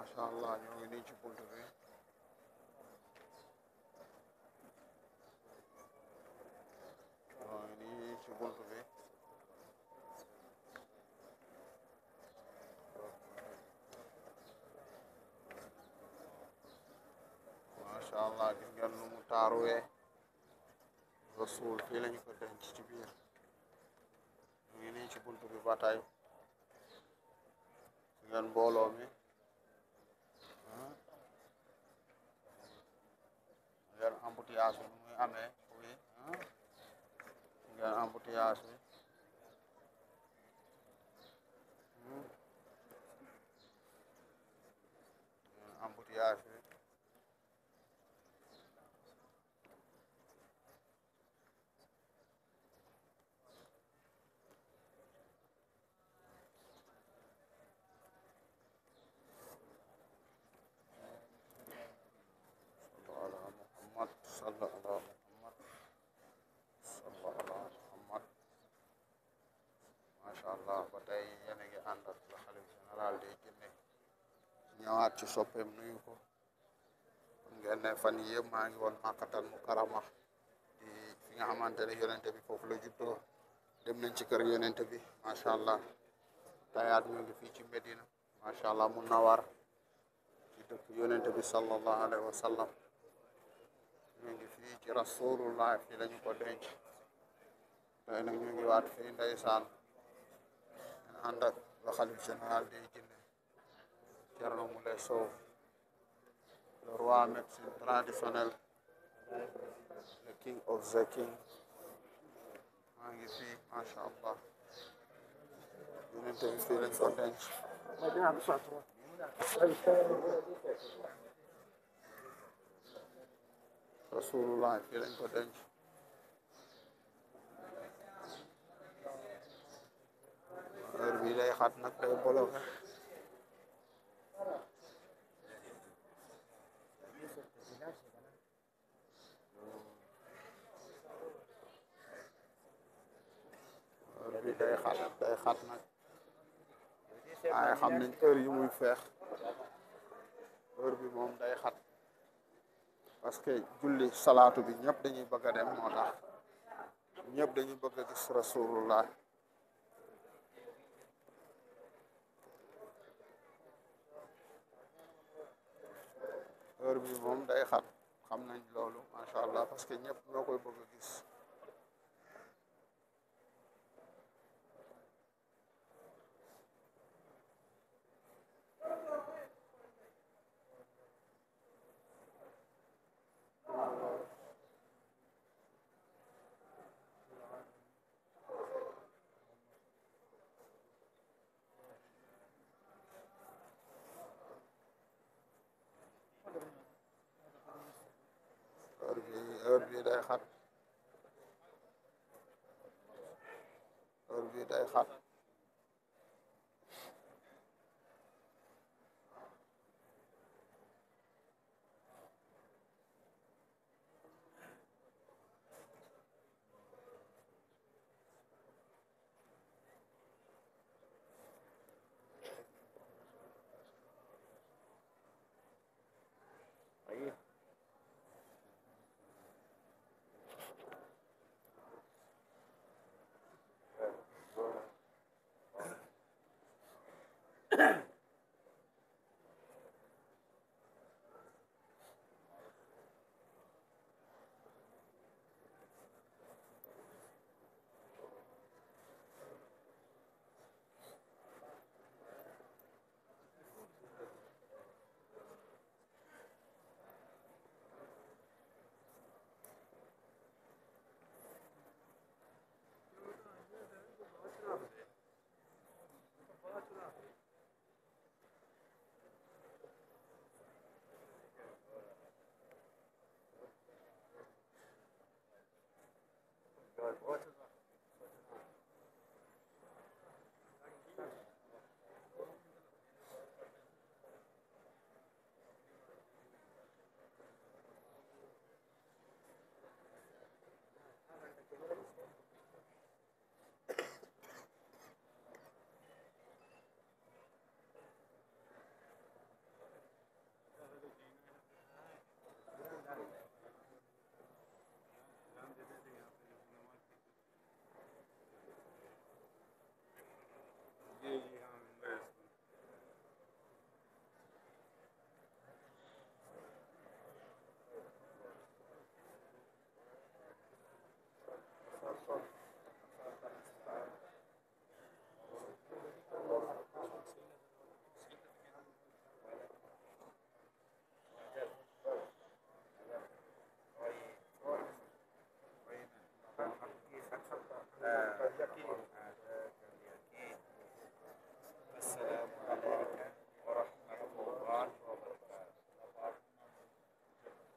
macha allah ñoo ngi nii ci buntu bi ñoo ngi nii bi macha allah gis nu mu taaruwee rasul fii lañu ko denc ci biir ñoo ngi nii ci buntu bi ba tey mbooloo mi embouteillage bi muy amee oui ah, ngeen embouteillage bi hmm. ngeen ñëwaat ci soppeem nuyu ko kon ngeen ne fan yii yëpp maa ngi woon Makkatal Mukarrama di fi nga xamante ne yonente bi foofu la juddoo dem nañ ci kër yonente bi macha allah tayaat ñu ngi fii ci Medina macha allah mu nawar ci dëkk bi sallallahu alayhi wa sallam ñu ngi fii ci rasulullah fii lañu ko denc tey nag ñu ngi waat fii ndeysaan ànd ak waxal bi général di Thierno Moule Sow le roi médecine traditionnelle le king of the king maa ngi fii macha allah yonente bi fii lañ ko denc rasulullah fii lañ ko denc heure bi day xat nag day boloke feex heure bi moom day xat parce que julli salaatu bi ñëpp dañuy bëgg a dem moo tax ñëpp dañuy bëgg a gis rasulullah heure bi moom day xat xam nañ loolu macha allah parce que ñëpp ñoo koy bëgg gis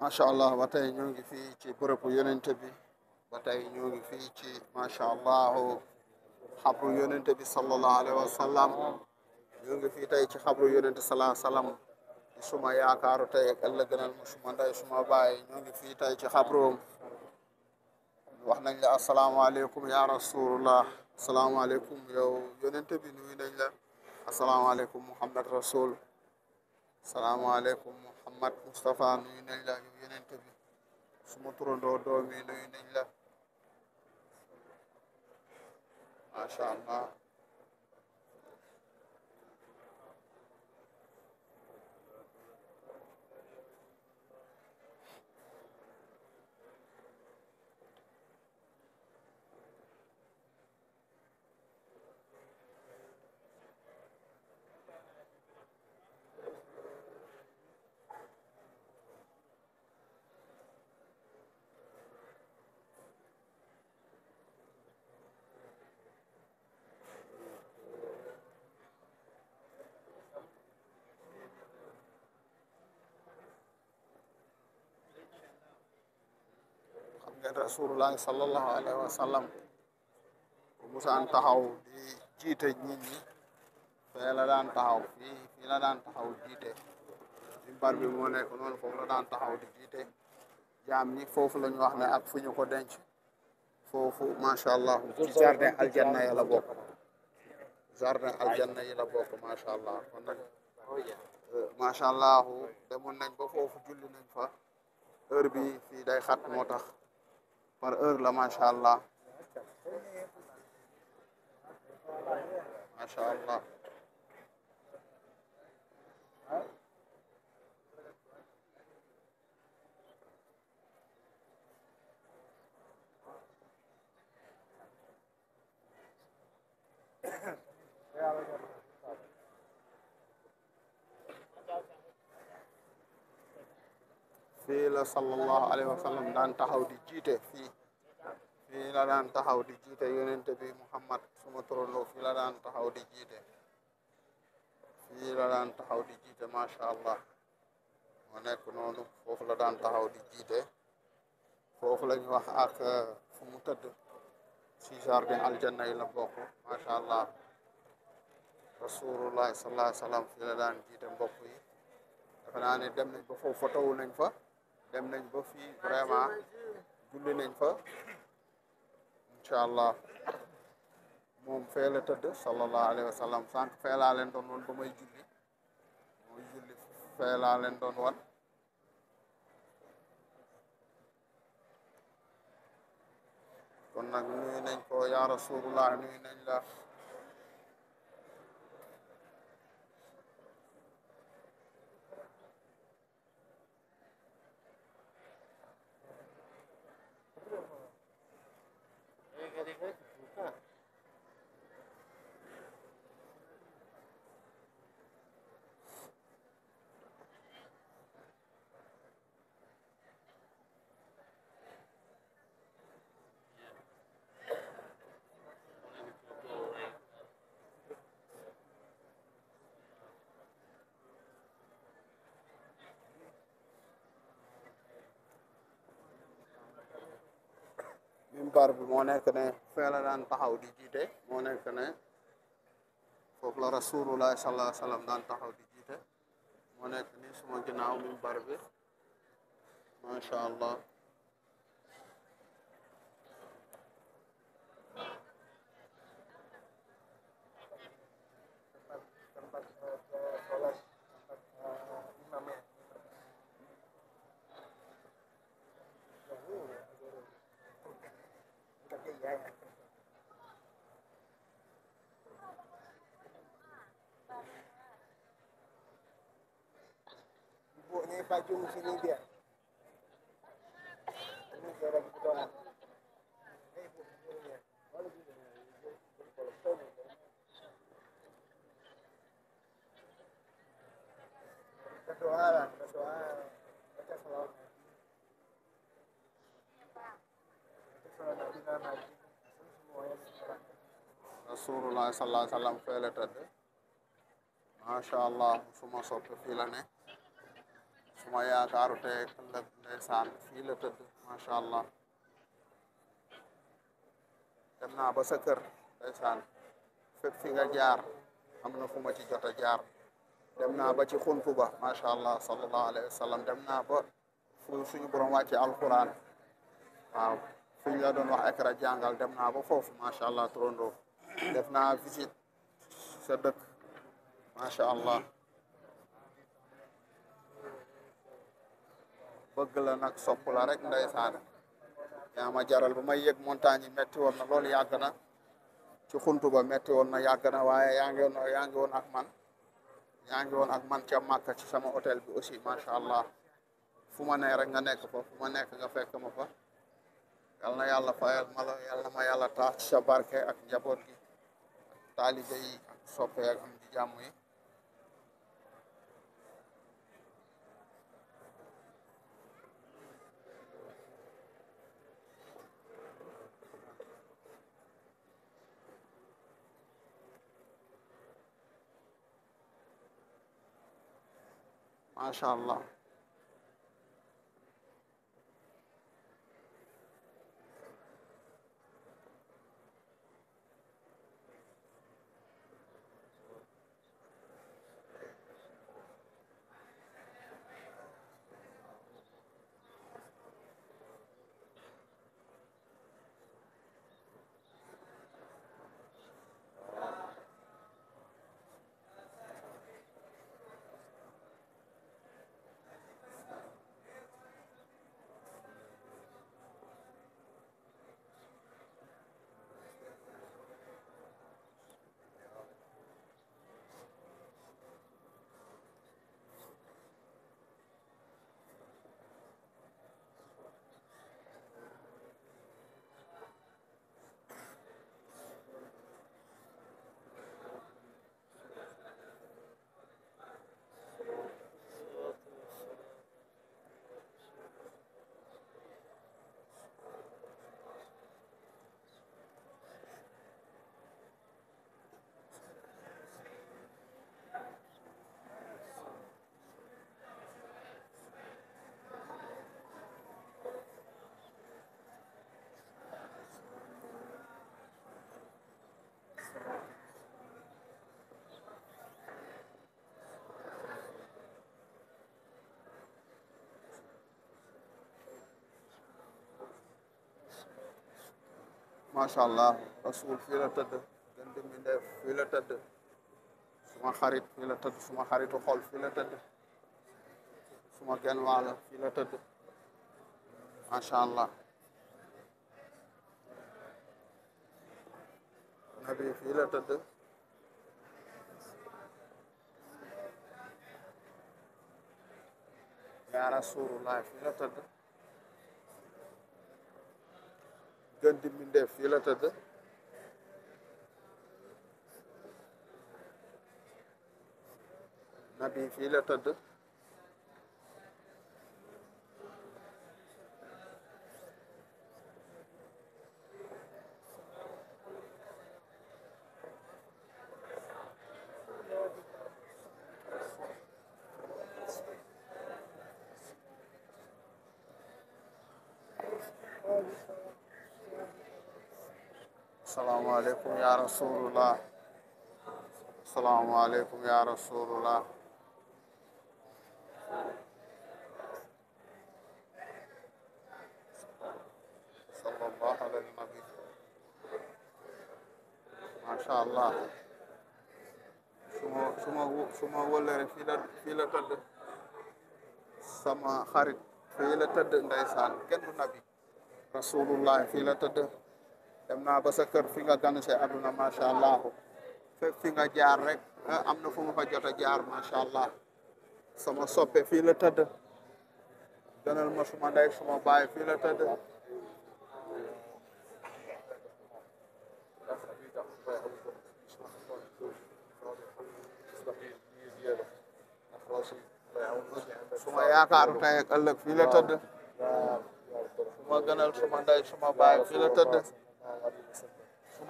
macha allah ba tey ñoo ngi fii ci bërëbu yonente bi ba tey ñoo ngi fii ci macha allah xabru yonente bi sallallahu alayhi wa sallam fii tey ci xabru yonente sallallahu alayhi wa suma yaakaaru tey ak ëllëg gënal mu suma nday suma baay ñoo ngi fii tey ci xabroom wax nañ la asalaamaaleykum ya rasulullah asalaamaaleykum yow yonente bi nuyu nañ la asalaamaaleykum muhammad rasul salaamaaleykum Mouhamed Moustapha nuyu nañ la yow yenente bi suma turandoo doomi nuyu nañ la macha allah rasulullahi sallallahu alayhi wa musaan taxaw di jiite nit ñi fee la daan taxaw fii fii la daan taxaw jiite mimbar bi moo nekk noonu foofu daan taxaw di jiite jaam ñi foofu la ñu wax ne ak fu ñu ko denc foofu macha allah ci jardin aljanna yi la bokk jardin aljanna yi bokk macha allah kon euh, nañ ba foofu julli nañ fa heure bi fii day xat moo tax par heure la macha allah macha allah la sallallahu alayhi wa sallam daan taxaw di jiite fii fii la daan taxaw di jiite yonente bi Muhammad suma turandoo fii la taxaw di jiite fii la daan taxaw di jiite macha allah mu nekk noonu foofu la daan taxaw di jiite foofu la ñu wax ak uh, fu mu tëdd si jardin aljanna yi la bokk macha allah rasulullahi sallallahu alayhi fii la daan jiite mbokk yi foofu fotowu nañ fa dem nañ ba fii vraiment julli nañ fa incha allah moom fee la tëdd sallallahu alayhi wa sallam sànq laa leen doon wan ba may julli mooy julli fee laa kon nag nuyu nañ ko ya rasulullah la bar bi moo nekk ne fee la taxaw di jiite moo nekk ne foofu la rasulullah sallallahu alayhi wa daan taxaw di jiite moo nekk ni suma ginnaaw min bar bi macha allah buo na yung bagyo mo sinidya. rasulullah sallallahu alayhi wa sallam fee la tëdd macha allah suma soppe fii la ne suma yaakaaru te ëllëg ndeysaan macha allah dem naa ba sa kër ndeysaan fépp fi nga jaar am na fu ma ci jot jaar dem naa ba ci xuntu ba macha allah sallallahu alayhi wa ba fu suñu borom wàcce alquran waaw fi ñu la doon wax ekra jàngal dem naa ba foofu macha allah turandoo def naa visit sa dëkk macha allah bëgg la nag sopp la rek ndeysaan yaa ma jaral bu may yëg montagne yi metti woon na loolu yàgg na ci xuntu ba metti woon na yàgg na waaye yaa ngi woon ak man yaa ngi woon ak man ca Màkka ci sama hôtel bi aussi macha allah fu ma nee rek nga nekk fa fu ma nekk nga fekk ma fa yal na yàlla fayal ma la yal na yàlla tax ci sa ak njaboot gi taalibe yi ak soppe di jàmm yi macha allah macha allah rasul fii la tëdd gën di mi fii la tëdd suma xarit fii la tëdd suma xaritu xool fii la tëdd suma genn waala fii la tëdd macha allah nabi fii la tëdd yaa rasulullah fii la tëdd gën di mbindeef yi la tëdd nabi tëdd salaamaaleykum ya rasulullah salaamaaleykum ya rasulullah sallallahu ala nabi macha allah suma suma suma wëllëre fii fii la tëdd sama xarit fii la tëdd ndeysaan kenn nabi rasulullah fii la tëdd dem naa ba sa kër fi nga gane see àdduna macha allah fépp nga jaar rek eh, am na fu ma fa jot a jaar macha allah sama soppe fii la tëdd ma suma ndey suma baay fii la tëdd suma yaakaaru fii la tëdd suma gënal suma ndey baay fii la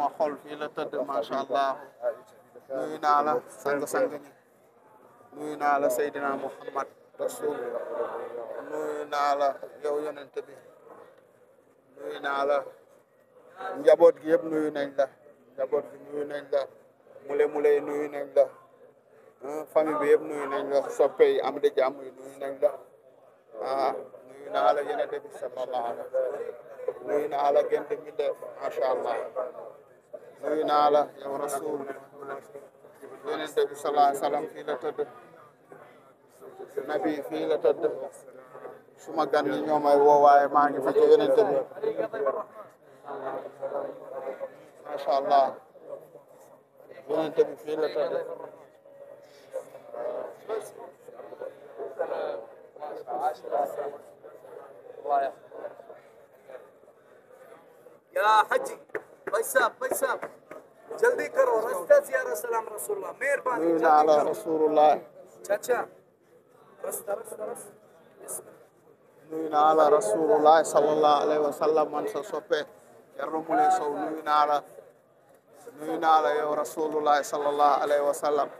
sama xol fii la tëdd macha allah nuyu naa la sang-sang ñi nuyu naa la Seydina Muhammad rasul nuyu naa la yow yonent bi nuyu naa la njaboot gi yëpp nuyu nañ la njaboot nuyu nañ la mule mule nuyu nañ la famille bi yëpp nuyu nañ la soppe yi am di jàmm yi nuyu nañ la ah nuyu naa la yonent bi sallallahu alayhi wa naa la gën di mi allah nuyu naa la yow rasul yonent bi sallallahu alayhi fii la tëdd nabi fii la tëdd suma gan ñi ñoo may waaye maa ngi fi ci yonent bi macha allah yonent bi fii la tëdd भाई साहब भाई साहब जल्दी करो रस्ता जियारा सलाम रसूलुल्लाह मेहरबानी मीन अला रसूलुल्लाह चाचा बस बस बस मीन अला रसूलुल्लाह सल्लल्लाहो अलैहि वसल्लम man sa soppe Thierno Moule Sow nuyu naa la nuyu naa la yow rasuulullaahi sallallaahu alayhi wa sallam